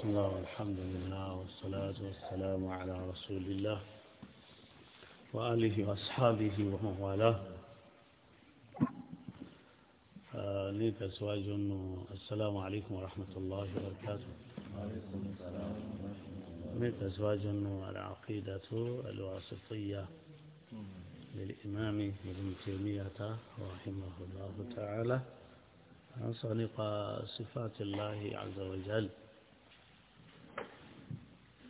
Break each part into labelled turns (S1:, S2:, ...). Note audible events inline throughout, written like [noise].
S1: بسم الله والحمد لله والصلاة والسلام على رسول الله وآله وأصحابه ومن والاه ليك آه، أسواج السلام عليكم ورحمة الله وبركاته ليك أسواج العقيدة الواسطية للإمام ابن تيمية رحمه الله تعالى عن صنق صفات الله عز وجل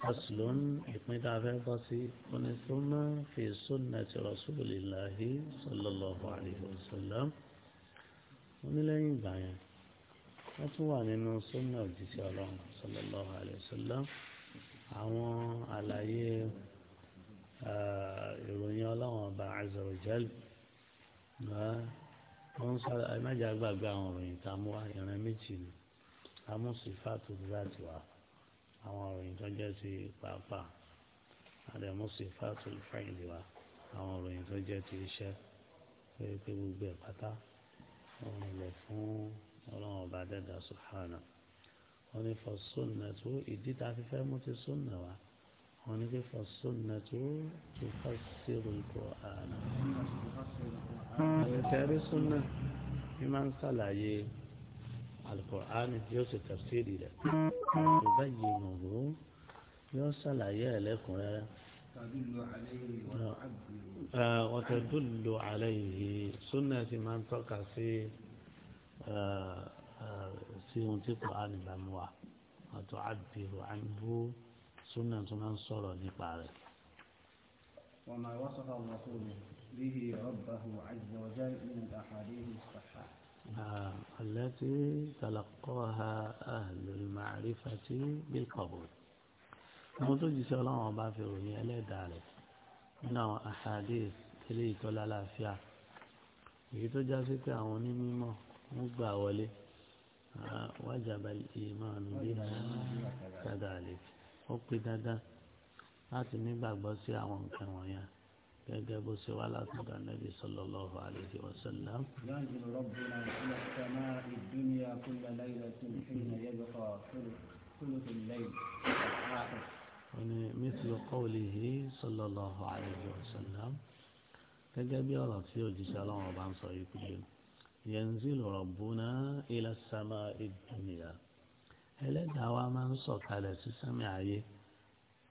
S1: أصل إثنين دافع بسي ونثم في سنة رسول الله صلى الله عليه وسلم ونلين بعين أتوان إنه سنة وجسي صلى الله عليه وسلم àwọn àlàyé ìròyìn ọlọ́wọ́n ọba azza wa jal wọ́n sọ ẹ̀mẹ́jà gbàgbé àwọn ìròyìn tá a mú ìran méjì ni a mú sífàtù láti wà àwọn ìròyìn tó jẹ́ ti pàápàá àdẹ̀mú sífàtù fáìlì wa àwọn ìròyìn tó jẹ́ ti iṣẹ́ pé pé gbogbo ẹ̀ pátá wọn lè fún ọlọ́run ọba dẹ́dà sùhánà wọn ní fọ sónà tó ìdí tá a fi fẹ́ mú ti sónà wa wọn ní pé fọ sónà tó tó fọ́ sírò ìkọ̀ àná.
S2: àwọn ìtẹ́rí sónà
S1: ni máa ń sàlàyé alukur'ani yóò ṣe tafsiri rẹ̀ yorùbá yìí nù ú yóò ṣàlàyé ẹlẹ́kùnrẹ́rẹ́.
S2: وتدل
S1: عليه سنة من تقع في سيون القرآن بموا وتعبر عنه سنة من صلى نقاره
S2: وما وصف الرسول به ربه عز وجل من الأحاديث الصحيحة
S1: التي تلقاها أهل المعرفة بالقبول موضوع جسر الله وما في رؤية لا داري من أحاديث إليه تولى لا فيها يتو جاسي تعوني مما مقبع ولي وجب الإيمان بها كذلك وقددا láti nígbàgbọ́ sí àwọn nǹkan gẹ́gẹ́ bó ṣe wá látọ̀dọ̀ anábì sallallahu alayhi wa sallam.
S2: yanzil rabbuna ila samaa'i dunya kulla laylatin hina yabqa thuluthul layl al-akhir.
S1: wọ́n ní mithlu qawlihi sallallahu alayhi wa sallam gẹ́gẹ́ bí ọ̀rọ̀ tí òjíṣẹ́ ọlọ́run ọba ń sọ yìí pé yanzil rabbuna ila samaa'i dunya ẹlẹ́dàá wa máa ń sọ̀kalẹ̀ sí sẹ́mi ayé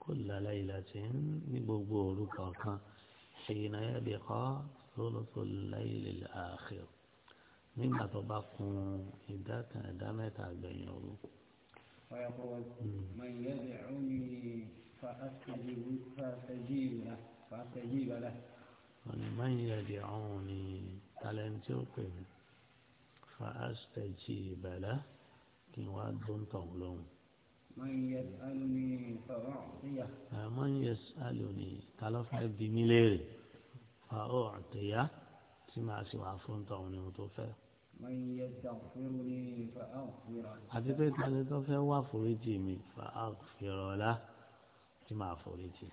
S1: kulla laylatin ní gbogbo òru kọ̀ọ̀kan. حين يبقى ثلث الليل الآخر nígbà tó bá kun ìdá kan ìdá mẹ́ta gbẹ̀yìn òru.
S2: من يدعوني فأستجيب له
S1: من يدعوني tàlẹ́ntì ó pè mí فأستجيب له kí n wá dóńtàn lóhùn.
S2: من يسألني فأعطيه
S1: من يسألني قالوا فأبي مليري فأعطيه سمع سوى فون طعوني وتوفى
S2: من يستغفرني فأغفر له حديث أن
S1: توفى وفرجي مي فأغفر له سمع فرجي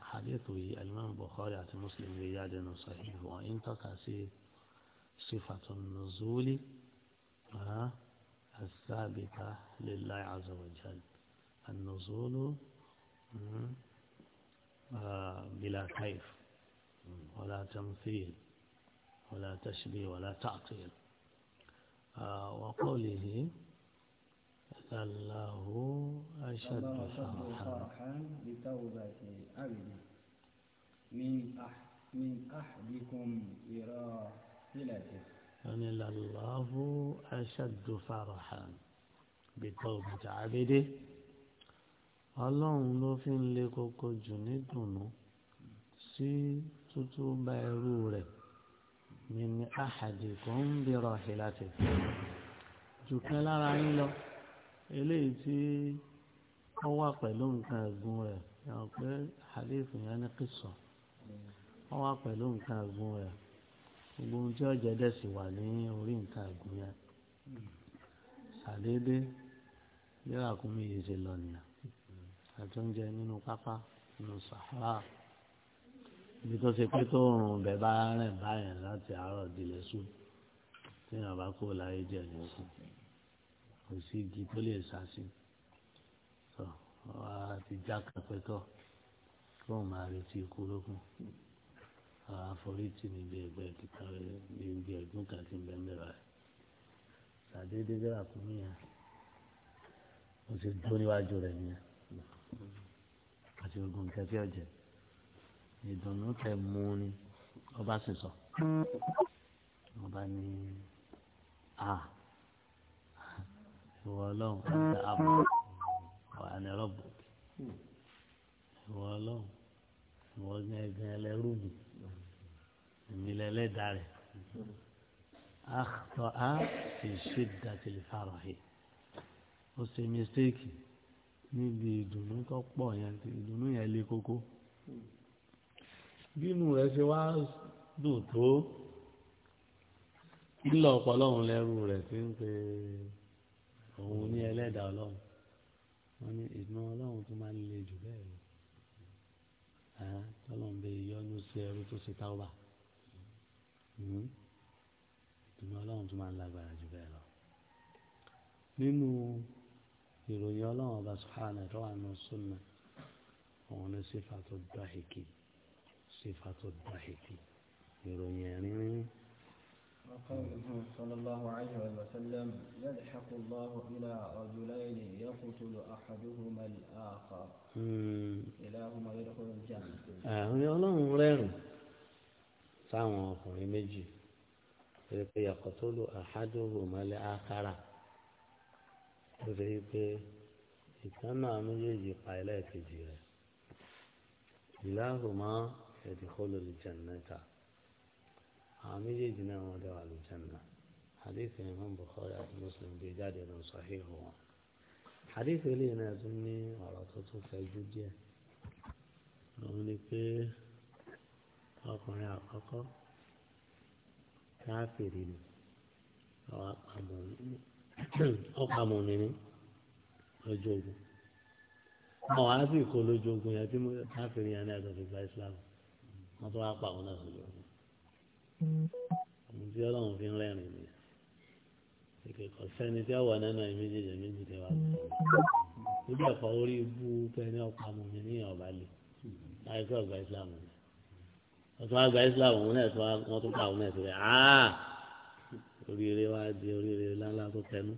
S1: حديث الإمام البخاري عن مسلم رجال صحيح وإن تقع صفة النزول آه. الثابتة لله عز وجل النزول آه، بلا كيف ولا تمثيل ولا تشبيه ولا تعطيل آه، وقوله الله أشد فرحا
S2: بتوبة عبده من أحد من أحدكم إراحلته
S1: يعني لله أشد فرحا بتوبة عبده ọlọ́run ló fi ń le koko jù ní dùnú sí tútú bá ẹrú rẹ̀ mímí àhàdì kan ń bèrò àhìláṣẹ jù kan lára yín lọ eléyìí tí ó wà pẹ̀lú nǹkan ẹ̀gún rẹ̀ yàn pé àdéhùn yẹn ní kìsọ̀ ó wà pẹ̀lú nǹkan ẹ̀gún rẹ̀ gbogbo ohun tí ọ̀jẹ̀ dẹ̀ sì wà ní orí nǹkan àgùn yẹn ṣàdédé bí ràkúnmí yìí ṣe lọ nìyà àti oúnjẹ nínú pápá nínú sàhárà ibi tó ṣe pé tó rùn bẹ bá rìn báyẹn láti àárọ̀ dilẹ̀ sùn téèyàn bá kó láyé jẹ ní òkú kò sí igi tó lè sá sí ọ àti já kápẹ́tọ̀ kó máa retí ikú lókun àforíjì níbi ẹgbẹ́ kíkà rẹ̀ níbi ẹ̀gbọ́n kan ti ń bẹ́ẹ̀ mẹ́ra rẹ̀ sàdédé bẹ́ẹ̀ àkúnmí yẹn ó ti dó níwájú rẹ̀ yẹn àti ogun kẹfí ọ̀jẹ̀ ìdùnnú tẹ mú ni ọba sì sọ ọba ní a ìwọ ọlọ́run ọjà àbọ̀ wà ní rọ́bù ìwọ ọlọ́run ìwọ ọgbẹ́ ẹgbẹ́ ẹlẹ́rú mi ìmìlẹ̀ lẹ́dàá rẹ̀ akhtọ́ a fi shiddati al-farahi ó ṣe mistake níbi ìdùnnú tó pọ̀ yẹn ìdùnnú yẹn le koko bínú rẹ̀ ṣe wá dùn tó ńlọ ọpọlọrun lẹrú rẹ̀ ti ń pe òun ní ẹlẹ́dàá ọlọ́run wọn ní ìdùnnú ọlọ́run tó máa ń le jù bẹ́ẹ̀ rẹ̀ ẹ tọ́lọ́run bẹ yọnu sí ẹrú tó ṣe táwọn bá ìdùnnú hmm. Ọlọ́run tún máa ń lágbára jù bẹ́ẹ̀ lọ. Nínú ìròyìn Ọlọ́run ọba subhanahu wa ta'ala nínú sunnah, òun ni sífàtú dahiki, sífàtú dahiki, ìròyìn ẹ̀rín rín.
S2: صلى الله عليه وسلم يلحق الله إلى رجلين يقتل أحدهما الآخر كلاهما يدخل الجنة. آه
S1: يا الله sáwọn ọkùnrin méjì ṣe pé yàtọ̀ tó lò àhájòhò mọ́lẹ́ ákàrà ó ṣe pé ìkan náà méjèèjì pa ẹlẹ́ẹ̀kejì rẹ̀ ìlàhùn mọ́ ẹ̀dìkọ́lù lìjẹ̀nẹ́ta àwọn méjèèjì náà wọ́n dẹ́wà lìjẹ̀nà hadith imam bukhari àti muslim gbé jáde lọ sahih wọn hadith eléyìí náà tún ní ọ̀rọ̀ tó tún fẹ́ ju díẹ̀ lọ́wọ́ ni pé ọkùnrin àkọ́kọ́ káfíìrì ni ọ̀pá mọ̀mí ni lójú ogun ọmọ wa sì kó lójú ogun yẹn tí káfíìrì yẹn ní àgbẹ̀fẹ̀ gba Islam wọ́n tó wá pa àwọn náà lójú ogun ọmọ tí ọlọ́run fi ń rẹ́rìn ni ìkẹ̀kọ̀ sẹ́ni tí ọwọ́ nínú ìméjèèjì méjìlél wa nígbà kan orí ibú pẹ́ ní ọ̀pá mọ̀mí ní ọ̀bálẹ̀ láìpẹ́ ọ̀gbà Islam ni ọtún àgbà islam òun náà tún wọn tún pa òun náà síbẹ̀ áá ah! oríire wa di oríire ńláńlá tó tẹnu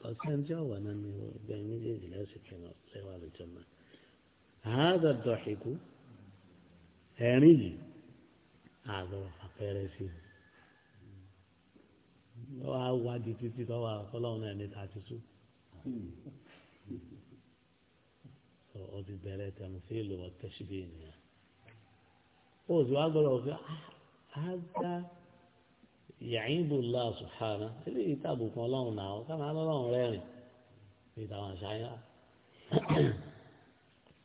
S1: pàṣẹǹtì ọ̀wà náà ni ọgbẹ́ méjèèjì lẹ́sìn kẹ́nà lẹ́wà lójọ́ náà àádọ́ dọ̀ṣìkú ẹ̀rín yìí àgọ́ àpẹẹrẹ sí i lọ́wọ́ àwádìí títí tọ́wọ́ àkọ́lọ́hún náà ní tààtì tún ọ ti bẹ̀rẹ̀ tẹ̀mùfẹ́lì wọ́n tẹ̀síbí ènìyàn ó sì wá gbọ́dọ̀ fi ága yàyìnbó ńlá sùhánà eléyìí tàbí kan ọlọ́run náà káwọn alọ́run rẹ́rìn ní ìtàwọn àṣàyàn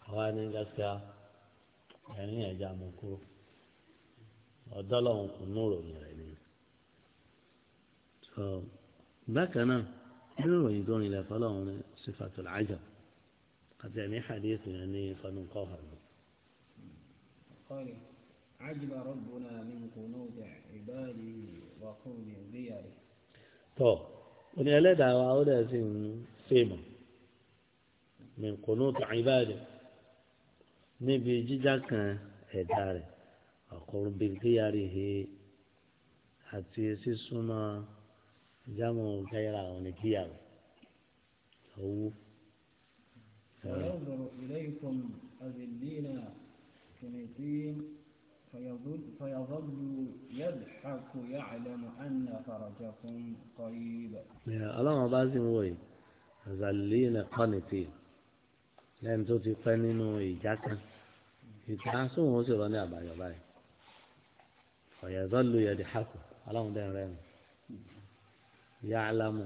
S1: àwa ní gàṣíà ẹ̀rín ẹ̀já mú kúrò ọ̀dọ́ lọ́run kò ní òròyìn rẹ̀ ni. bákan náà bí òròyìn tó rìn lẹ́fọ́ lọ́run ní sífàtúlà ájà àti ẹ̀mí hadith yẹn ní fanukọ́ hàn.
S2: عجب ربنا من قنوت عباده وقوم دياره
S1: tó ó ní ẹlẹ́dàá wa ó dẹ̀ sì ń fèèmọ̀ min qunut ibadihi níbi jíjá kan ẹ̀dá rẹ̀ ọ̀kọ̀rọ̀ bìkìyàrí he àti sísúnmọ́ jámọ̀ gáyàrá àwọn oníkíyàwó owó.
S2: وينظر إليكم أذلين قنطين فيظل يضحك يعلم أن فرجكم قريب
S1: اللهم بازم وي ذلين قنتين lẹ́yìn tó ti pẹ́ nínú ìjà kan ìta sóhun ó sì rọ ní àbáyọ báyìí ọ̀yẹ̀dọ́ lu yẹ̀dì hàkù aláwọn dẹ́n rẹ̀ nù yá alámù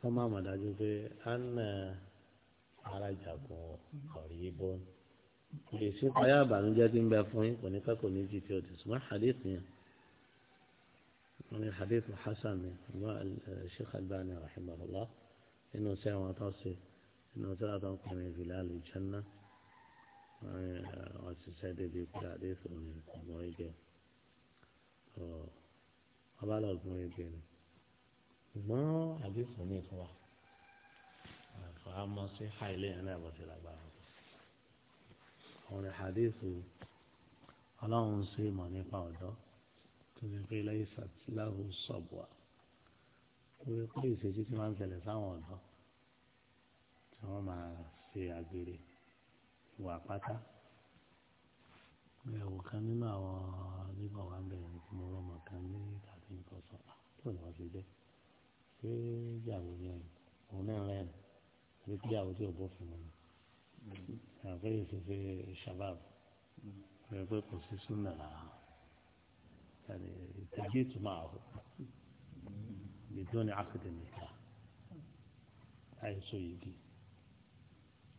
S1: wọ́n má mọ̀ dájú pé á ara jàkùn ọ̀rí bọ́ọ̀nù èsì payá àbànújẹ́ tí ń bẹ fún yín kò ní kẹ́kọ̀ọ́ ní jí tí o ti sùnmọ́ hadith yẹn wọn ni hadith hasan ni wọn sheikh albani rahimahullah inú sẹ wọn tó ṣe inú sẹ wọn tó ń pèrè ìfìlà àlùjánná wọn sì sẹ débi pé hadith òní ọmọ ìgbẹ wọn bá lọ gbọn ìgbẹ ni ṣùgbọ́n hadith òní ìtura àmọ́ sí haile náà bọ́ sí lágbára ọ̀rẹ́ hadithu ọlọ́run ṣe mọ̀ nípa ọ̀dọ́ tó ní pé lẹ́yìn sàtìláhù sọ̀bùà wí pé ìṣèjì tí máa ń ṣẹlẹ̀ sáwọn ọ̀dọ́ tí wọ́n máa ṣe àgbèrè ìwà pátá ẹ̀wò kan nínú àwọn nígbà wà ń bẹ̀rẹ̀ tí mo rọmọ kan ní tàbí nǹkan sọ tó ní wọ́n ti jẹ́ ṣé ìyàwó yẹn òun náà rẹ̀ ní pé ìyàwó tí ò bófin mu ni àgbẹ̀ yìí ti fi shabab rẹ̀ pé kò sí súnà rárá yàrá ìtàgé ìtumọ̀ àhó bìdóni àkàdé nìkan àìsàn yìí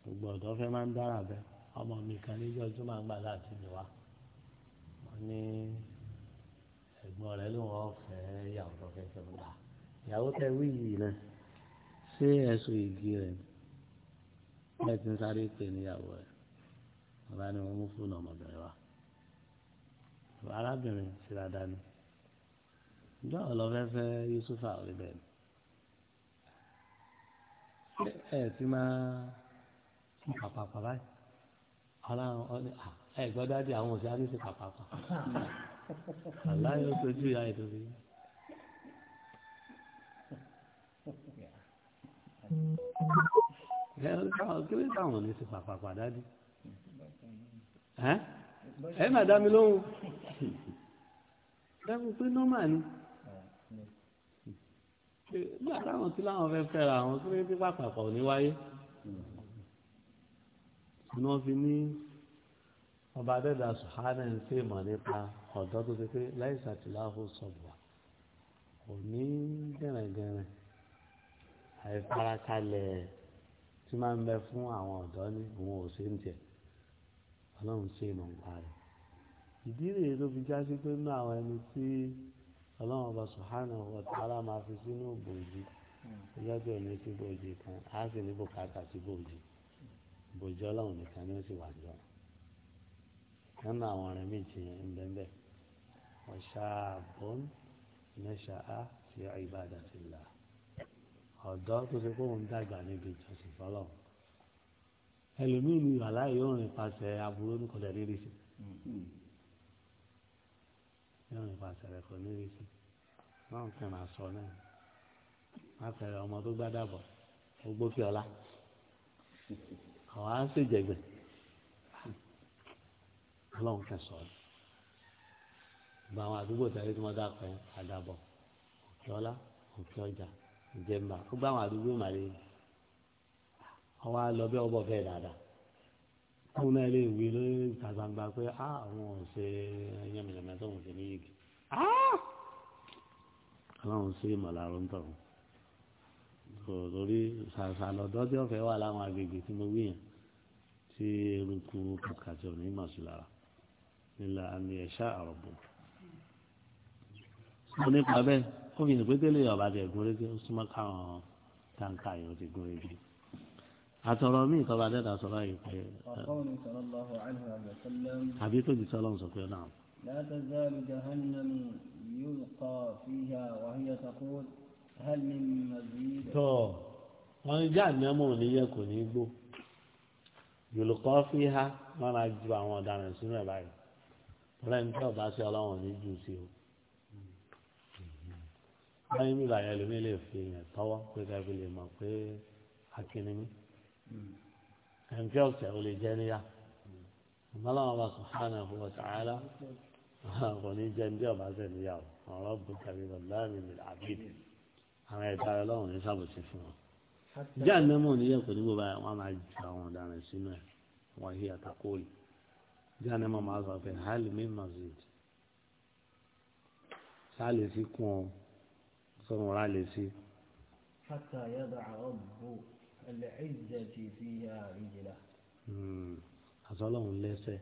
S1: gbogbo ọ̀dọ́ fẹ́ máa ń dára bẹ́ẹ̀ ọmọ mi kan níjọ́ tó máa ń gbà láti mi wá wọ́n ní ẹ̀gbọ́n rẹ̀ ló wọ́n fẹ́ ìyàwó tó fẹ́ gbà ìyàwó tẹ wíyì náà ṣé ẹ̀sùn igi rẹ̀ ni ẹ ti ń sáré pè níyàwó ẹ bàbá ni wọn mú fóònù ọmọbìnrin wa arábìnrin síra dání ìjọ ọlọfẹfẹ Yusufa orí bẹ́ẹ̀ ni ẹ ti máa ń pàpàpà báyìí ọlọ́run ẹ gbọ́dọ̀ àti àwọn òṣèré àti ṣe pàpàpà aláyọ sojú ìyá ìdòwì.
S2: Thank you kí ló
S1: táwọn ní ti pàpàpà dádì ẹ má dá mi lóhùn dábò pé nọ́mà ni nígbà táwọn tí láwọn fẹ́ fẹ́ra àwọn tó ní ti pàpàpà ò ní wáyé ni wọ́n fi ní ọba adẹ́dà sùhánà ń ṣe mọ̀ nípa ọ̀dọ́ tó ti pé láìsà tí láhù sọ̀bùwà kò ní gẹ̀rẹ̀gẹ̀rẹ̀ àìfarakalẹ̀ ẹ̀ tí máa ń bẹ fún àwọn ọ̀dọ́ ní òun ò ṣe ń jẹ ọlọ́run ṣe mọ̀ nípa rẹ̀ ìdí rèé ló fi já sí pé nínú àwọn ẹni tí ọlọ́run ọba sùhánà wa ta'ala máa fi sínú bòjì ìjọba òní sí bòjì kan á sì ní bùkátà sí bòjì bòjì ọlọ́run nìkan ni ó sì wà jọ nínú àwọn ọ̀rẹ́ méjì yẹn ń bẹ́ẹ̀ ọ̀ṣà bọ́n mẹ́ṣà á fi ibadatillah ọ̀dọ́ tó ṣe kóun dàgbà níbi ìjọsìn fọlọ́ ẹlòmíì ni wàhálà yóò rìn pàṣẹ aburú ní kọjá rírì sí yóò rìn pàṣẹ rẹ kọ rírì sí náà kàn máa sọ náà má fẹ́rẹ̀ ọmọ tó gbádàbọ̀ ó gbókè ọlá àwọn á sì jẹgbẹ́ ọlọ́run kàn sọ ọ́ gba àdúgbò tẹ̀lé tí wọ́n dà pẹ́ àdàbọ̀ òkè ọlá òkè ọjà jẹmba ó gbá àwọn àdúgbò màlẹ ọwọ alọbẹ ọbọ fẹ dáadáa káwọn náà lè wí lórí ìtàgbàgbà pé á àwọn ọ̀sẹ̀ yẹmìyẹmì tó ń ṣe ní yìí aláwọn ṣe mọ̀láàrọ̀ ń tọ̀rọ̀ lórí ṣàṣà lọ́dọ́ tí wọ́n fẹ́ wà láwọn agbègbè tí mo wí yẹn tí eruku kàkàtì òní mà sí lára nílà àmì ẹ̀ṣá àrọ̀bù. ó nípa bẹ́ẹ̀ ó fi hàn pé tẹ́lẹ̀ ọ̀bá tẹ̀ gún régé ó súnmọ́ káwọn táǹkà yẹn ó ti gún régé. àtọ̀rọ̀ mí ìtọ́ba dẹ́ta sọ̀rọ̀ yìí pé. àbí tó di sọ́lọ́run sọ pé ó náà.
S2: لا تزال جهنم يلقى فيها وهي تقول هل من مزيد. tó wọn ní
S1: jáàmì ọmọ òní yẹ kò ní gbó yòlùkọ́ fi ha máa ju àwọn ọ̀daràn sínú ẹ̀ báyìí ọlọ́run tí ọba sí ọlọ́run ò ní jù sí o báyìí mi bàyà lómi lè fi yẹn tọ́wọ́ pé káfí lè mọ̀ pé akíní mi ẹnfẹ́ ọ̀sẹ̀ ò lè jẹ́ níyà ọmọláwọn bá subhanahu wa ta'ala [laughs] kò ní jẹ́ ní ọba sẹ́ níyà o ọ̀rọ̀ bu kàbí bàbá mi mi àbíd àwọn ẹ̀ka ọlọ́run ní sábòsí fún wọn. jẹ́ àdéhùn oníyẹ̀ kò ní gbogbo báyìí wọ́n máa ju àwọn ọ̀daràn sínú ẹ̀ wọ́n hí àtàkóòlì jẹ́ àdéhùn máa sọ pé hàlì mi mazid sáà lè fi kún ọ sọ̀rọ̀ rà lè sí.
S2: hata yada ọ̀bù ẹlẹ́ ẹ̀jẹ̀ ti fi ya ìjìlá.
S1: Hmm. àtọ́lọ́hún lẹ́sẹ̀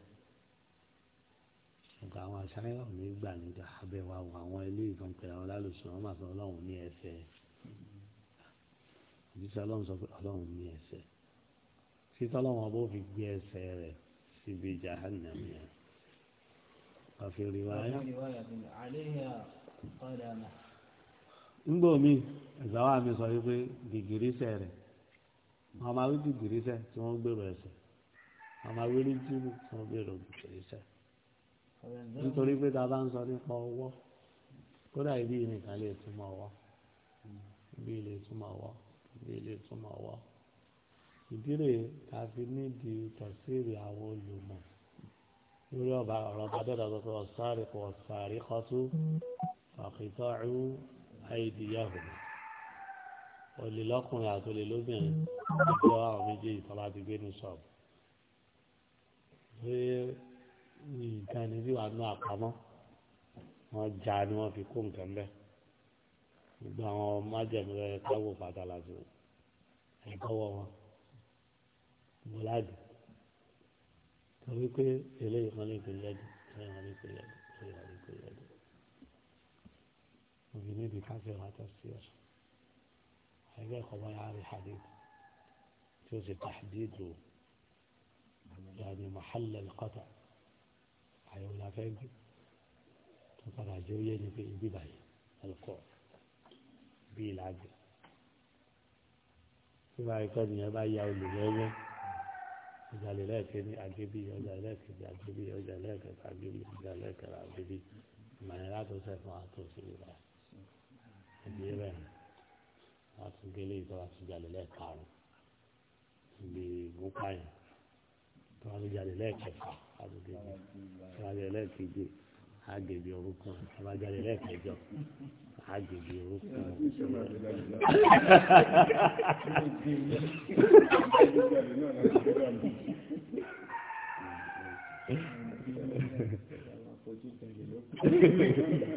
S1: ọ̀gá àwọn aṣáájú ní gbà nígbà abẹ́ wa wọ àwọn ilé ìtàn pẹ̀lú àwọn alálùsùn wọn máa sọ ọlọ́hún ní ẹsẹ̀ òjíṣẹ́ ọlọ́hún sọ pé ọlọ́hún ní ẹsẹ̀ títí ọlọ́hún ọba fi gbé ẹsẹ̀ rẹ̀ síbi jahannam yẹn. وفي رواية
S2: عليها قدمه
S1: ńgbò mí ẹ̀sáwá mi sọ wípé dìgírísẹ̀ rẹ̀ wọn máa wí dìgírísẹ̀ tí wọ́n gbèrò ẹ̀sẹ̀ wọn máa wí ní jíìmù tí wọ́n gbèrò dìgírísẹ̀ nítorí pé tá a bá ń sọ nípa ọwọ́ kódà ibi nìkan lè túmọ̀ ọwọ́ ibi lè túmọ̀ ọwọ́ ibi lè túmọ̀ ọwọ́ ìdí rèé ká fi nídìí tẹ̀síìrì àwọn olùmọ̀ lórí ọ̀rọ̀ bàdẹ́dà tó fẹ́ ọ̀sáré kọ̀ ọ̀sáré kọ́tú àìdíyàwó olè lọ́kùnrin àti olè lóbìnrin ìjọ àwọn méjèèjì tọ́lá ti gbé ní ṣọ́ọ̀bù pé nǹkan ni bí wàá nú àpamọ́ wọ́n já ni wọ́n fi kó nǹkan bẹ́ẹ̀ gbogbo àwọn májẹ̀mú rẹ̀ káwọ́ fàtàlà sí ẹ̀kọ́wọ́ wọn bọ́láàdì torí pé eléyìí kan ní ìpínlẹ̀ ẹ̀dùn eléyìí kan ní ìpínlẹ̀ ẹ̀dùn eléyìí kan ní ìpínlẹ̀ ẹ̀dùn. وجنيدي كثيرة تفسير حاجة خبايا عاري حديد جوز تحديد يعني محل القطع حيولا فين تقرا جوية في البداية القوع بي العجل كما يكون يبايع لجوية جلالاتني عجبي وجلالاتك عجبي وجلالاتك عجبي وجلالاتك عجبي ما يلعب وسيف مع التوصيل بقى ibi rẹ̀ wọ́n tún gélé ìtọ́wá tún jalè lẹ́ẹ̀karùn ibi ìgbópa yẹn tó wọ́n tún jalè lẹ́ẹ̀kẹfà àdúgbò tó wọ́n jalè lẹ́ẹ̀keje àgbègbè orúkọ tó ha jalè lẹ́ẹ̀kẹjọ [laughs]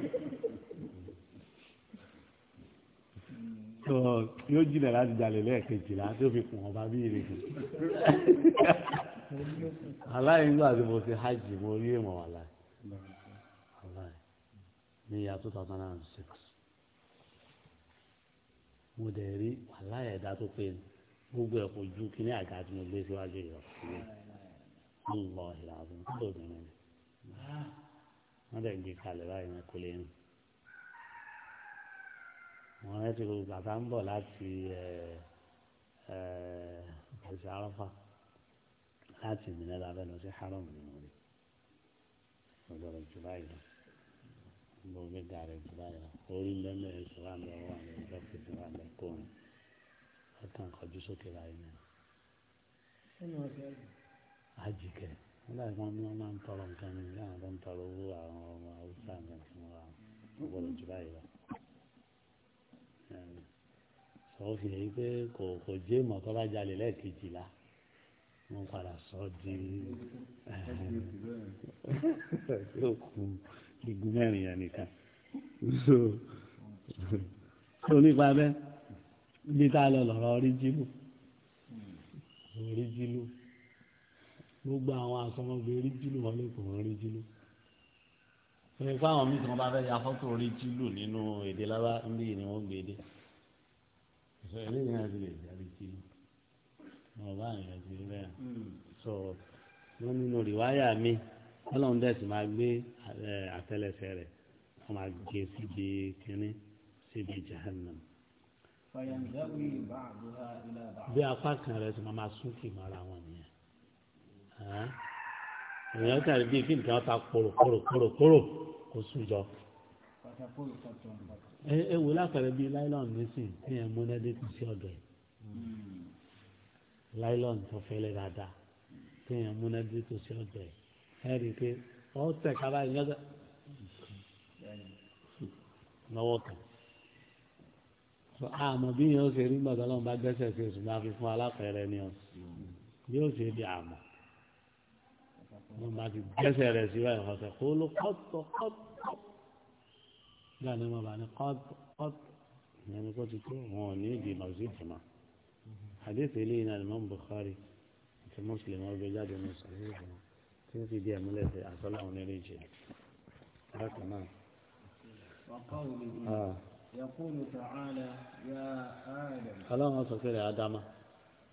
S1: [laughs] [laughs] tó yóò jìnà láti jalè lẹ́ẹ̀kejìlá tí ó fi kùn ọba bí ìrèké aláìní gbà tí mo ti hajj mo rí èèmọ̀ wà láì ní ìyá two thousand and six mo dẹ̀ rí wàláyà ẹ̀dá tó pé gbogbo ẹ̀kọ́ ju kíní àga tí mo gbé síwájú yìí ọ̀sẹ̀ ń lọ ìlànà tó dùn mí wọ́n dẹ̀ gbé kalẹ̀ báyìí wọn kò lè mo rántí gbogbo bàtà ń bọ̀ láti ẹ̀sẹ̀ arọ́fà láti ìmìnira lábẹ́ lọ sí haram ni mo rí ọ̀dọ̀rọ̀ jù báyìí lọ gbogbo mi ga rẹ̀ jù báyìí lọ orí lẹ́nu ẹ̀sùn wà ní ọwọ́ àmì ọjọ́ kejì wà ní kóun ọkàn kọjú sókè báyìí náà. àjìkẹ́ nígbà tí wọ́n ní wọ́n máa ń tọrọ nǹkan ní àwọn tó ń tọrọ owó àwọn ọmọ haúsá nǹkan tí wọ́n wà ó gbọ́dọ̀ jù báyìí lọ sọ fi hàn pé kò kò jẹ́ mọ̀ tó bá jalè lẹ́ẹ̀kejìlá wọ́n padà sọ di yóò kú igun mẹ́rin yẹn nìkan so nípa bẹ́ẹ̀ bí tá a lọ lọ́rọ̀ oríjìlú oríjìlú gbogbo àwọn asọmọgbé oríjìlú wọn lè kó oríjìlú ṣe fáwọn míì tí wọ́n bá fẹ́ ya fọ́tò orí tìlù nínú èdè lábá níbi ni wọ́n gbé dé ṣe eléyìí náà ti lè jáde tí wọ́n bá yẹn ti rẹ̀ sọ wọ́n nínú rìwáyà mi ọlọ́run dẹ̀ sì máa gbé àtẹ́lẹsẹ̀ rẹ̀ wọ́n máa gbé e síbi kínní síbi jahannam bí apá kan rẹ̀ sì máa sún kì mọ́ra wọn nìyẹn èèyàn kàrí bíi kí nǹkan ta kóró kóró kóró kóró kó sùn jọ. ẹ wò lápẹẹrẹ bíi láìlọ́ọ̀nù nísìn kéèyàn múná dé kù sí ọ̀dọ̀ ẹ̀
S2: hmm.
S1: láìlọ́ọ̀nù tó fẹ́lẹ́ dáadáa kéèyàn múná dé kù sí ọ̀dọ̀ ẹ̀ ẹ rí i pé ọ tẹ̀ kára ẹ̀ yọ́dọ̀ lọ́wọ́ kan àmọ́ bí yẹn ó ṣe rí gbọ̀dọ̀ lọ́nà bá gbẹ́sẹ̀ sí oṣù máa fi fún alápẹ̀rẹ̀ ni ọ̀ yóò ṣe di àmọ́ wọn máa ti gbẹ́sẹ̀ rẹ̀ sí báyìí wọn sọ kó ló kọ́tọ̀ kọ́tọ̀ gbà ní wọn bá ní kọ́tọ̀ kọ́tọ̀ ìyẹn ni kó ti tó wọn ò ní ìdí màsí ìjùmọ̀ àdéhùn ilé iná ni mọ́ Bukhari àti Muslim ọgbẹ́ jáde ní sàlẹ̀ ìjùmọ̀ tí ó fi di ẹ̀múlẹ̀ sí àsọ́lá òun nílé ìjì ọlọ́run sọ pé rẹ̀ ádámà.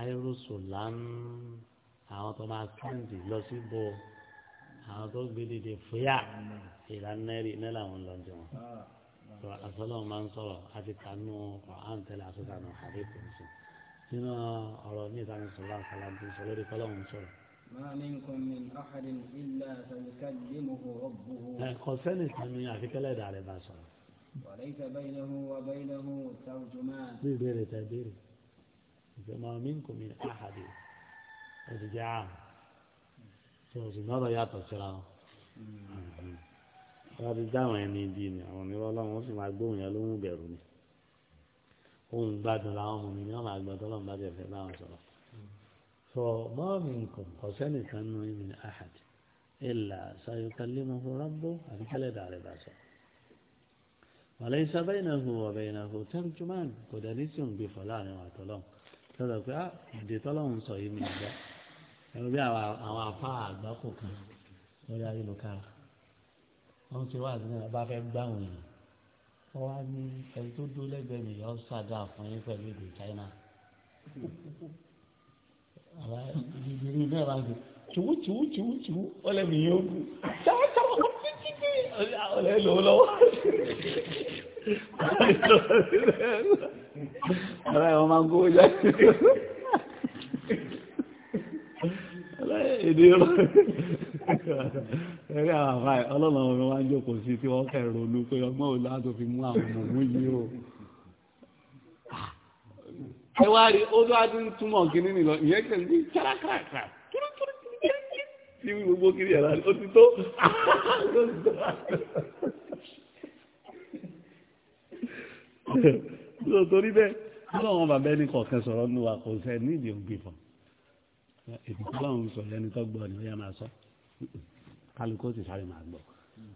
S1: áírùsù lánàá àwọn tó máa sẹ́ǹdì lọ sí bo àwọn tó gbé dìde fúyà ìlànàrí iná làwọn lọ jẹ wọn. asọ́lọ́wọ́n máa ń sọ̀rọ̀ àti kanú ọ̀hán tẹ́lẹ̀ àtúntànù àdéhùn sí nínú ọ̀rọ̀ ní ìtàn ìṣòro àkàlà tó sọ lórí kọ́lọ́hún sọ̀rọ̀. kò sẹ́ni sami àfikẹ́lẹ́ dàrẹ́ bá sọ̀rọ̀.
S2: wàlẹ́ ìtàbẹ́yìn lẹ́hùn wà bẹ́yìn
S1: bí ìbéèrè tẹ béèrè ìjọba minkum min ahadi ẹ̀sìn jẹ́ àmì tí wọ́n sì lọ́rọ̀ yàtọ̀ síra wọn. wọ́n ti dáhùn ẹni bíi ni àwọn mìíràn ọlọ́run ó sì máa gbóhùn yẹn lóhùn bẹ̀rù ni ohun gbádùn làwọn ọmọ mi ni wọ́n máa gbọ́dọ̀ lọ́nà bá jẹ̀fẹ́ báwọn sọ̀rọ̀. sọ mọ́ọ̀mì nǹkan ọ̀sẹ́nìkan nù mí ahadi ilà sayọkàlímọ̀ rọ́bù àbíkálẹ̀ dàrẹ́ bá sọ. wàlẹ́ ìsàbẹ̀yìn náà hù ọ̀bẹ̀yìn náà hù tẹ́rù jùmọ́ kò dẹ̀ ní sí òǹgbẹ́fọ̀ láàrin àtọ́lọ́mù tọ́lọ̀ pé ah, èdè tọ́lọ́hún sọ yìí mi gbọ́ ẹ̀rọ bí àwọn afá àgbákò kan lórí ayélujára wọ́n ti wá àti náà bá fẹ́ gbá àwọn èèyàn wọ́n wá ní ẹni tó dó lẹ́gbẹ̀ẹ́ mi yọ ṣàdá fún yín pẹ̀lú èdè China àbá ìdílé náà bá ń gbé tìwú tìwú tìwú tìwú ọlẹ́mi yóò gbé táwọn táwọn ọ̀pọ̀ títí ọlẹ́ lọ́wọ́ lọ́wọ́ ọ̀rẹ́ [laughs] wọn máa ń kó jẹ́ [laughs]
S2: èdè ẹ̀rẹ́ àwọn
S1: àfáà ọlọ́run ọmọ wa ń jókòó sí tí wọ́n kẹ̀rọ olú pé ọgbọ́n òun láti fi mú àwọn ọmọ òun yìí o ẹ wá rí ó bá ti ń túmọ̀ kíní nìlọ ìyẹn kẹ̀ ní kárakára kí gbogbo kiri yàrá ó ti tó [laughs] ló torí bẹ́ẹ̀ ọlọ́run bàbá ẹni kọ̀ọ̀kan sọ̀rọ̀ nù wa kò sẹ́ nídìí ògbé fún ètò ọlọ́run sọ̀rọ̀ ẹni tó gbọ́ ni ó yà máa sọ kálukó ti sáré máa gbọ́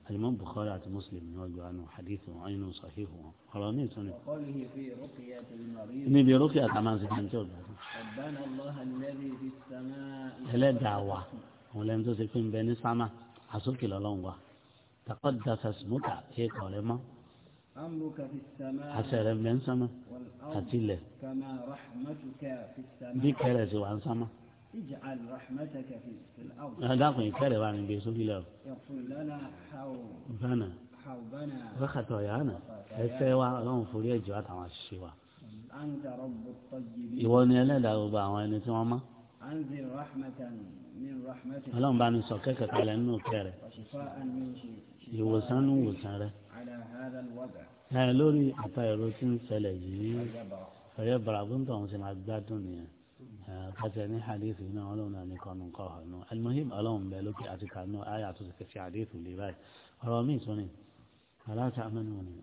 S1: alimọ Bukhari àti Muslim ni wọ́n gbọ́ àánú hadith wọn inú sahih wọn ọ̀rọ̀ mi tún ni.
S2: níbi rúkìá tá a máa ń sèkà ní tí ẹlẹ́dàá wa
S1: àwọn lẹ́nu tó ṣe pé ń bẹ ní sámà àsókè lọ́lọ́run takọ́ dasa smuka ẹ̀kọ́ rẹ mọ́
S2: àṣẹ rẹ bẹ ń sánmà àti ilẹ̀ bí kẹrẹ sì wà ń sánmà. dákun ìkẹrẹ wa ni bẹ́ẹ̀ sókè lẹ́wọ̀. bánà wákàtí ọ̀yà nà ẹsẹ̀ wa ọlọ́run
S1: forí ẹ̀jọ̀ àtàwọn àṣìṣe wa. ìwọ ni ẹlẹ́dàá gbogbo àwọn ẹni tí wọ́n mọ́.
S2: ọlọ́run bá ní sọ kẹ́kẹ́ kalẹ̀ nínú kẹrẹ ìwòsàn ń
S1: wòsàn rẹ ẹ lórí àpá ẹ̀rọ tí ń ṣẹlẹ̀ yìí ọ̀rẹ́ bàràbùntàn ọ̀hún sì máa gbádùn nìyẹn kàtà ní hadith yìí náà ọlọ́run náà ní kọ́nù kọ́ ọ̀nù almuhim ọlọ́run bẹ lókè àti kànú ayé àtúnṣe kẹsì hadith lè báyìí ọ̀rọ̀ míì tún ni aláta amẹ́nu ni.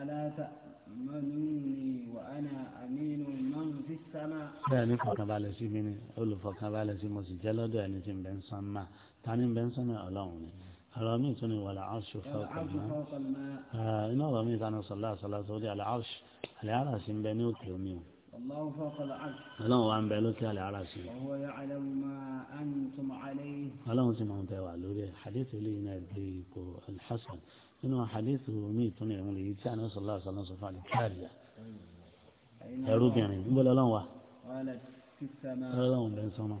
S2: aláta amẹ́nu ni wà á na aminu man fi sámà. bẹ́ẹ̀ ni
S1: fọkànbalẹ̀ sí mi ni olùfọkànbalẹ̀ sí mo sì jẹ́ lọ́dọ̀ ẹni tí ń bẹ ń sánmà ta ni ń bẹ ń sánmà ọlọ́run ni. رامي سني ولا عرش فوق
S2: الماء
S1: آه إن رامي كان صلى الله عليه وسلم على عرش على عرش بنوك يوميوم
S2: الله فوق العرش
S1: الله عن بلوك على عرش
S2: وهو يعلم ما أنتم عليه
S1: الله سمع أنت وعلوه حديث لي نبيك الحسن إنه حديث ميت يومي كان صلى الله عليه وسلم صفى الكارية يا رب يعني يقول الله
S2: قالت في السماء الله
S1: بين سماه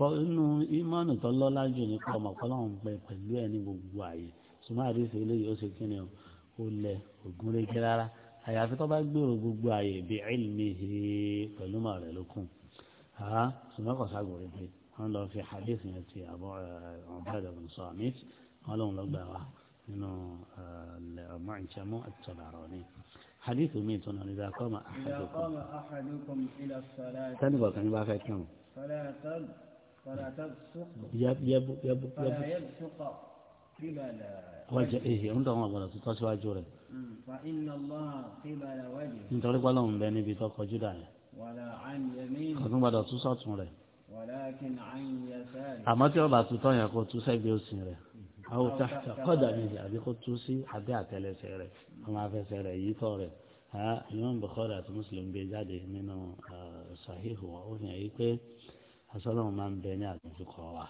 S1: kọ́ inú ìmánù tó lọ́lá jù ní kọ́ ọmọ kọ́lá òun pẹ pẹ̀lú ẹ̀ ní gbogbo ààyè sùnmọ́ àdìsí eléyìí ó ṣe kí ni ó lẹ ògùn régé rárá àyàfi tó bá gbèrò gbogbo ààyè bí ilmihi pẹ̀lú màá rẹ̀ lókun sùnmọ́ kọ́ ságo régé wọ́n lọ fi hadith yẹn ti àbọ̀ ọ̀bá ìdàgbọ̀n sọ àmì wọ́n lóun lọ gbà wá nínú eh, mọ̀ọ́nìṣẹ́mú àtọ̀dàrọ̀ni hadith mi tó nà nígbà kọ́ ma
S2: àhàdùkùn tẹ́nìbọ̀
S1: kan
S2: فلا تبسق يب
S1: يب يب فلا
S2: يبسق قبل وجهه
S1: عندما ولا تتسوى جوره
S2: فإن الله قبل وجهه
S1: انت لك ولا من بين بيتوقع جدا
S2: ولا عن يمينه قد نبدا
S1: تسوى تمره
S2: ولكن عن يساره أما
S1: تبا تتوى يقول تسوى بيوسين ره أو تحت قدمه أبي قد تسوى حتى أتلي سيره أما في سيره يطوره ها الإمام بخاري مسلم بيجاده منه صحيح هو وأوهي أيكي asọ́lọ́run máa ń bẹ ní àdójúkọ wa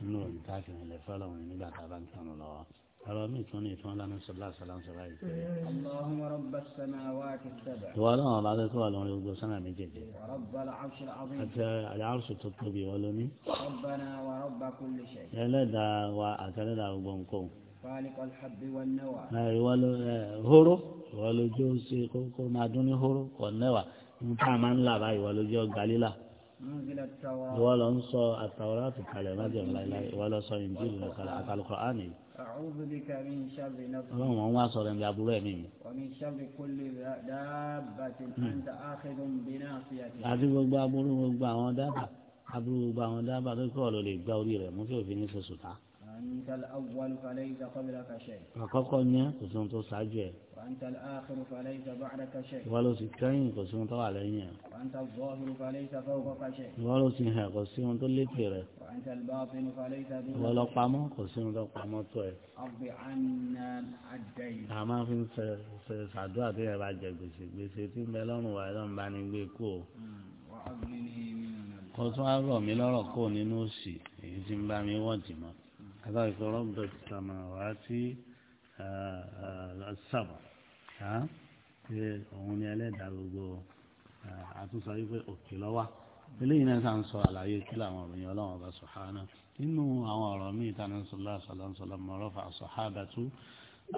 S1: nínú òní káàkiri ilẹ̀ fọlọ́run nígbà tá a bá ń kàn lọ́wọ́ ọ̀rọ̀ mi tún ní ìtàn lánàá sọlá sọlá ń sọlá yìí. ìwọ ọlọ́run ọba akẹ́kọ̀ọ́ wà lórí gbogbo sánà méjèèjì. àti àyàrùsù tó tóbi wọn lóní. ẹlẹ́dàá wa àtẹlẹ́dàá gbogbo nǹkan. ìwọ ló horo ìwọ ló jó ṣe kókó máa dún ní horo kọ̀ nẹ́wà nípa máa ń là báyìí ìwọ ló ọgbà lílà ìwọ lọ ń sọ àtàwọ́rátì kalẹ̀ májèm láíláí ìwọ lọ sọ ìjìnlẹ̀ lọ kalẹ̀ àtàlùkọ́ àná yìí. ọlọ́run wọn wá sọ̀rọ̀ ẹ̀mí aburú ẹ̀mí mi.
S2: Hmm. àti
S1: gbogbo aburú gbogbo àwọn dábàá aburú gbogbo àwọn dábàá tó kọ́ ọ lọ lè gbá orí rẹ̀ mú tí òfin ní sọ̀tà.
S2: وأنت الأول فليس قبلك شيء
S1: أقاقا نيا كسون تو ساجي
S2: وأنت الآخر فليس بعدك شيء
S1: ولو سكاين كسون تو علينا
S2: وأنت الظاهر فليس فوقك شيء
S1: ولو سنها كسون تو لتيرة
S2: وأنت الباطن فليس دونك ولو
S1: قامو كسون تو قامو توي
S2: أرضي عنا الدين
S1: أما فين سعدوا تيا بعد جاكسي بسيتي ملون وعلون باني بيكو
S2: وأبلني من
S1: النار كسون أرو ملون كو نينوسي إذن بامي وانتي مات هذاك رب السماوات السبع ها òun ni ẹlẹ́dàá gbogbo àtúnṣe wípé òkè lọ́wọ́ eléyìí náà sàn sọ àlàyé kí làwọn òròyìn ọlọ́run ọba sọ̀hánà nínú àwọn ọ̀rọ̀ míì tánà sọlá sọlá sọlá mọ̀rọ́fà sọ̀hábà tú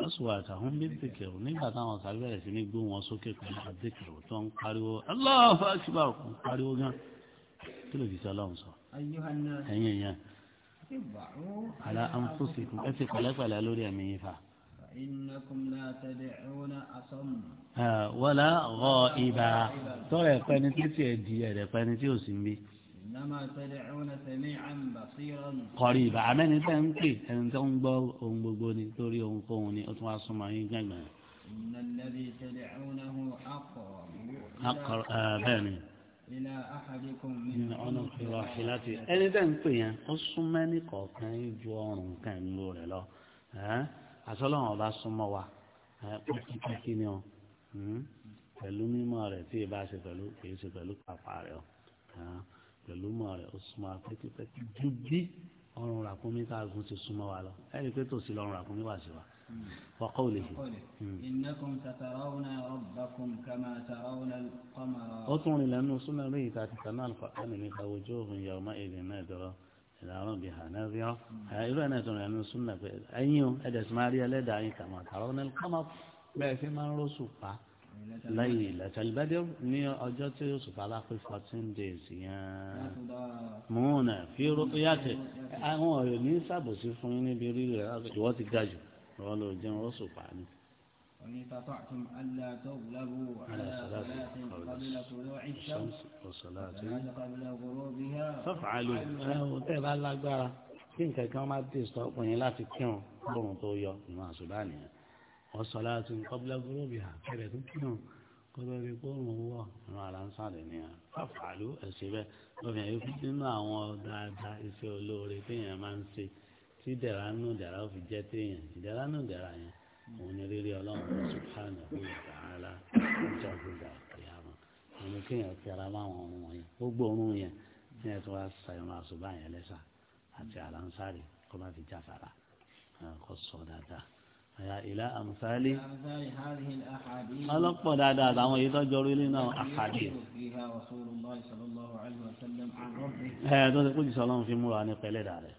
S1: lọ́sùwà àtàwọn bíbélìkẹ̀ nígbà táwọn sáré bẹ̀rẹ̀ sí ní gbó wọn sókè pẹ̀lú àdékèrò tó ń pariwo aláàfáà ṣùgbọ́n pariwo gan kí ló fi sọ ọlọ́run sọ ẹ̀yìn ẹ̀yìn
S2: ala anfusikum ẹ ti pẹ̀lẹ́pẹ̀lẹ́ lórí ẹ̀mí إنكم لا تدعون أصم
S1: ولا غائبا ترى فاني تي ادي ادي فاني تي اوسنبي
S2: إنما تدعون سميعا بصيرا قريبا امن تنكي
S1: ان تون بو اون بوغو ني توري اون كون ني او
S2: إن الذي تدعونه حق حق آباني. من عنق راحلته ẹni tẹ́
S1: ń pè yẹn ó súnmọ́ ní kọ̀ọ̀kan yín ju ọrùn kan ìlú rẹ̀ lọ àtọ́lọ́wọ́n ọba súnmọ́ wa pàtàkì ni ọ hmm? pẹ̀lú mímọ́ rẹ̀ tí ìbá ṣe pẹ̀lú kìí ṣe pẹ̀lú pàpà rẹ̀ ọ pẹ̀lú mọ́ rẹ̀ ó súnmọ́ pẹ́kípẹ́kí ju bí ọrùn ràkúnmí tá gùn ti súnmọ́ wa lọ ẹ̀rí pé tòsí lọ́rùn ràkúnmí wà sí wa. وقوله
S2: إنكم سترون ربكم كما ترون القمر أطول
S1: لأنه صلى به تحت سماء القرآن من وجوه يومئذ نادرة إلى ربها ناظرة إذا نتون لأنه صلى أيوم أدس ماريا لدعي كما ترون القمر بأي ما رسوفا ليلة البدر ني أجت يوسف على 14 days مونة في رؤيته أنا ني سابو سي فوني بيري ìwọ wọ́n lọ jẹun ó sùpà ni.
S2: ونستطعتم ألا تغلبوا على صلاة قبل طلوع الشمس وصلاة قبل غروبها فافعلوا ẹ bá
S1: lágbára kí nǹkan kan máa dé sọ ọkùnrin láti kírun lóòrùn tó yọ ìmọ̀ àṣùbá nìyẹn wọ́n sọ láti kọ́bílá gúrúbì àkẹ́rẹ́ tó kírun kó lọ rí kóòrùn wọ̀ ìmọ̀ àlàǹsàlẹ̀ nìyẹn fàfàlú ẹ̀sìn bẹ́ẹ̀ lọ́fẹ̀ẹ́ yìí nínú àwọn dáadáa iṣẹ́ olóore téèyàn máa ń ṣe tí dẹ̀ra nù dẹ̀ra ó fi jẹ́ téèyàn ìdẹ̀ra nù dẹ̀ra yẹn òun ni rírí ọlọ́run subhanahu wa ta'ala ọjọ́ gbogbo àkèyàmọ̀ àwọn kéèyàn kẹra máwọn ọrùn wọn yẹn ó gbóòórùn yẹn ní ẹ̀tọ́ wa sa ìrún àṣùbà yẹn lẹ́sà àti àlàǹsárì kó má fi jáfara kó sọ dáadáa ìlà àmùsálí
S2: ọlọ́pọ̀ dáadáa àtàwọn èyí tọ́jọ́ orí nínú àkàdé ẹ tó
S1: ti kújì sọlọ́run fi múra ní pẹ̀lẹ́ dà rẹ̀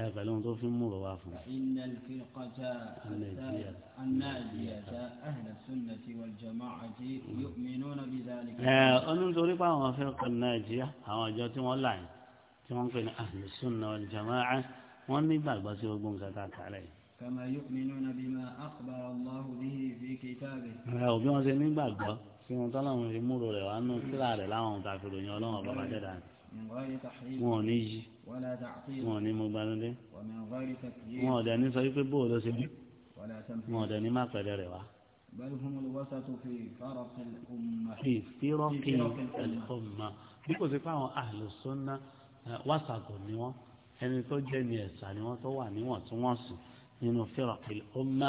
S1: ẹ pẹ̀lú ohun tó fi múra wá fún ẹ onítorí pé àwọn afẹ́kọ̀ọ́ nàìjíríà àwọn àjọ tí wọ́n là yìí tí wọ́n ń pè ní ahlus sunnah wal jama'ah wọ́n ní gbàgbọ́ sí gbogbo nǹkan tá a kà
S2: كما يؤمنون بما أخبر الله به في كتابه أو بما زمين بعد
S1: سيما طلع من المور وأنه كلا لعون تعفل يولون بابا جدان
S2: من غير تحريف ونيجي ولا تعطيل وني مبالغ ومن غير تكذيب وداني
S1: سيف بولو ما قدر
S2: بل هم الوسط في فرق الأمة في فرق
S1: الأمة بيكو سيفاهم أهل السنة وسط نيوان ẹni tó jẹ́ ni ẹ̀sà ni wọ́n tó nínú fírọ̀kìlì ọmọ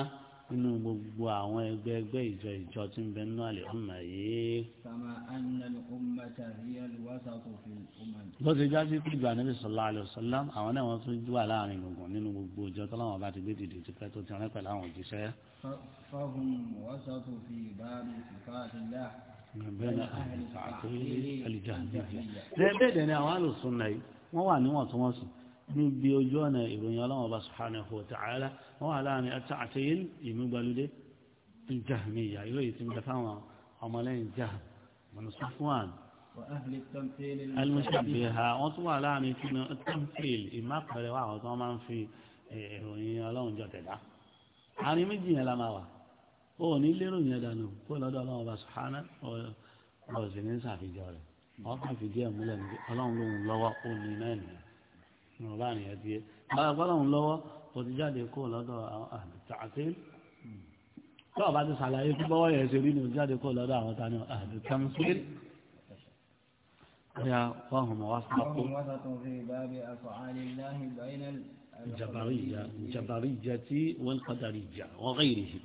S1: nínú gbogbo àwọn ẹgbẹ́ ẹgbẹ́ ìjọ ìjọ tí ń bẹ nínú àlè ọmọ yìí. bó ti já sí pé ìgbà níbi sọlá àlè ọ̀sọ́lá àwọn náà wọ́n tún jú wà láàrin gbùngbùn nínú gbogbo ìjọ tó láwọn bá ti gbé dìde ti pẹ́ tó ti rán pẹ̀lú àwọn òjíṣẹ́.
S2: fọ́hùn wọ́sọ̀tò fi ìbáàmì ìfà bẹ́ẹ̀ni
S1: àwọn àlùsùn náà wọ́n wà níwọ̀ntúnwọ̀nsùn níbi ojú ọ̀nà ìròyìn ọlọ́run ọba subhanahu wa ta'ala wọ́n wà láàrin ẹ̀ta àtẹ́yìn ìmúgbàlódé jahmiya ìlú yìí ti ń bẹ fáwọn ọmọlẹ́yìn jah mọ̀nùsùfúàn
S2: al-mushabbiha
S1: wọ́n tún wà láàrin kínú tamthil ìmápẹ̀rẹ̀ wà àwọn tó máa ń fi eh, ìròyìn ọlọ́run jọ tẹ̀dá àárín méjì yẹn la máa wà ó ní lérò yẹn dànù kó lọ́dọ̀ ọlọ́run ọba subhanahu nínú láàrin ẹ̀ díẹ̀ báyọ̀ gbọ́dọ̀ ń lọ́wọ́ kò ti jáde kó lọ́dọ̀ àdìtàtì tó o bá ti ṣàlàyé bí bọ́wọ́ yẹn ṣe rí ni o jáde kó lọ́dọ̀ àwọn tani àdìtàmùsíl ya wahum wasaqu
S2: الجبرية
S1: الجبرية والقدرية وغيرهم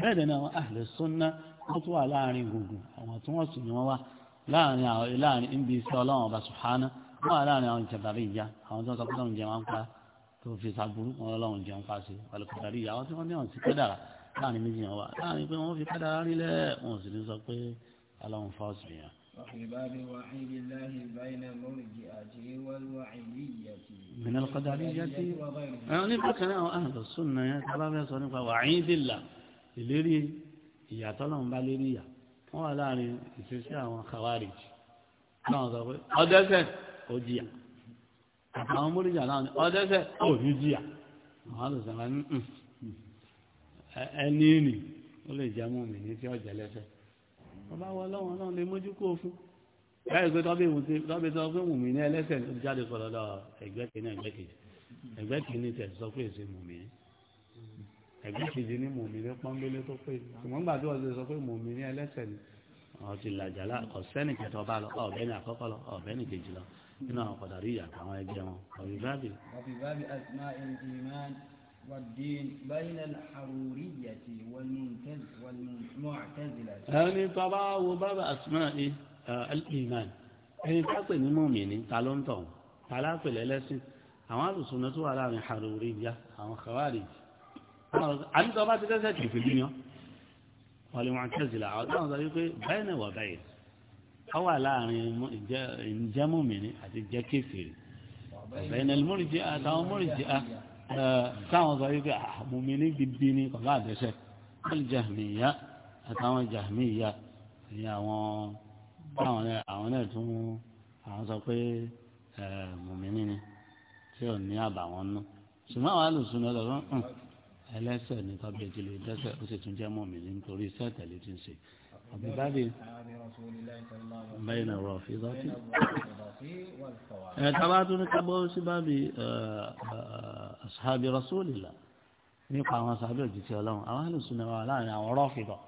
S1: بعدنا أهل السنة أطوى لعنهم أو أطوى سنوا لعن لعن إن بيسالون سبحانه wọn wà láàrin àwọn jàdàrí ìyá àwọn tó ń sọ pé lọ́run jẹun apá tó fi sàbúrú wọn jẹun pa sí àlùkùdàrí ìyá àwọn tí wọ́n ní àwọn sí kádàrà láàrin méjì yẹn wà láàrin pé wọ́n fi kádàrà rílẹ̀ wọn ò sì ní sọ pé aláwọn fa ọ̀sùn yẹn.
S2: من القدرية يعني
S1: بكنا أهل السنة كلام يصنف وعيد الله ìlérí ìyàtọ̀ lọ́n bá lérí ìyà wọ́n wà láàrin ìṣesí àwọn kàwárìjì náà ó jìyà àwọn múríjà náà ni ọdẹ́sẹ̀ ó ní jìyà àwọn àlùsàmà ní hmm, hmm, hmm, ẹni nì ó lè jẹ́ mú mi ní tí ọ̀jẹ̀ lẹ́sẹ̀ ọba wọ lọ́wọ́ náà lè mójú kó fún báyìí pé tọ́bí ìwùn tọ́bí sọ pé mùmí ní ẹlẹ́sẹ̀ ló jáde sọ̀rọ̀ ẹgbẹ́ kìíní ẹgbẹ́ kejì ẹgbẹ́ kìíní tẹ̀ sọ pé èsì mùmí ẹgbẹ́ kejì ní mùmí ní pọ́nbélé tó pé ṣùgbọ́n gbà tí wọ́n ti sọ pé mùmí ní ẹlẹ́sẹ̀ ni ọ̀ọ́ làjà lá ọ̀sẹ́nì kẹtọ́ bá lọ ọ̀bẹ́ni àkọ́kọ́ lọ ọ̀bẹ́ni kejì lọ وفي باب اسماء
S2: الايمان والدين بين الحروريه والمعتزله يعني
S1: طبعا وباب اسماء آه، الايمان يعني تعطي المؤمن تعلم تو تعالى في الاسم اما سنته على الحروريه او الخوارج عن ضابط ذاتي في الدنيا والمعتزله على طريق بين وبين ìyapa wà láàrin ǹjẹ́ mùmìnì àti jẹ́ kéfèrè
S2: ọ̀bẹ ìnà múrìjì àtàwọn múrìjì à
S1: táwọn sọ wípé mùmìnì gidi ni kò bá àdẹ́sẹ̀ wọ́n jàmíyà àtàwọn jàmíyà ni àwọn àwọn náà tún àwọn sọ pé mùmìnì ni tí ò ní àbàwọ́n nù ṣùgbọ́n àwọn alùsùn náà lọ́wọ́ ẹlẹ́ṣẹ̀ ní tọ́bí ti lè dẹ́ṣẹ̀ ó sì tún jẹ́ mọ̀mí nítorí iṣẹ́ ìtẹ̀lé ti ń ṣe. àbí báyìí
S2: bẹ́ẹ̀ náà rọ̀ fi dọ́tí. ẹ̀ka bá tún
S1: ní kábọ́ sí bábí asahabi rasulillah nípa àwọn asahabi òjijì ọlọ́run àwọn àlùsùn náà wà láàrin àwọn rọ́ọ̀fìdọ̀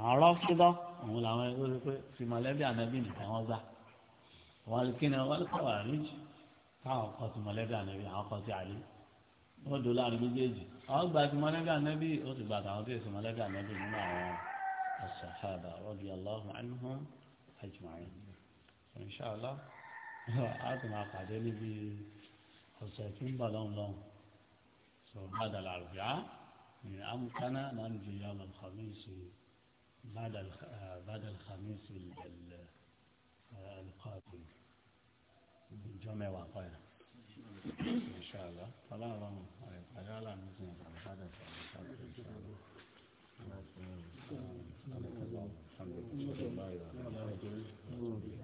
S1: àwọn rọ́ọ̀fìdọ̀ òun làwọn ẹgbẹ́ wípé fìmọ̀lẹ́bí ànábì nìkan wọ́n gbà wọ́n kí ni wọ́n kọ́ wọ́n dò láàrin méjèèjì àwọn gba ti mọ́lẹ́gà nẹ́bí ó sì gbàtà àwọn tí èsì mọ́lẹ́gà nẹ́bí nínú àwọn asàhábà radiyallahu anhum ajma'in insha Allah a tún máa pàdé níbi ọ̀sẹ̀ tí ń bọ̀ lọ́hùn lọ́hùn sọ bàdà làrùbíà ní amúkánná náà ń di yàrá alhamisi bàdà alhamisi alqabil ìjọ mẹ́wàá kọ́ yẹn. Inshallah. Ọlọ́run àìpàdé àlàmì sí ìgbàlódé.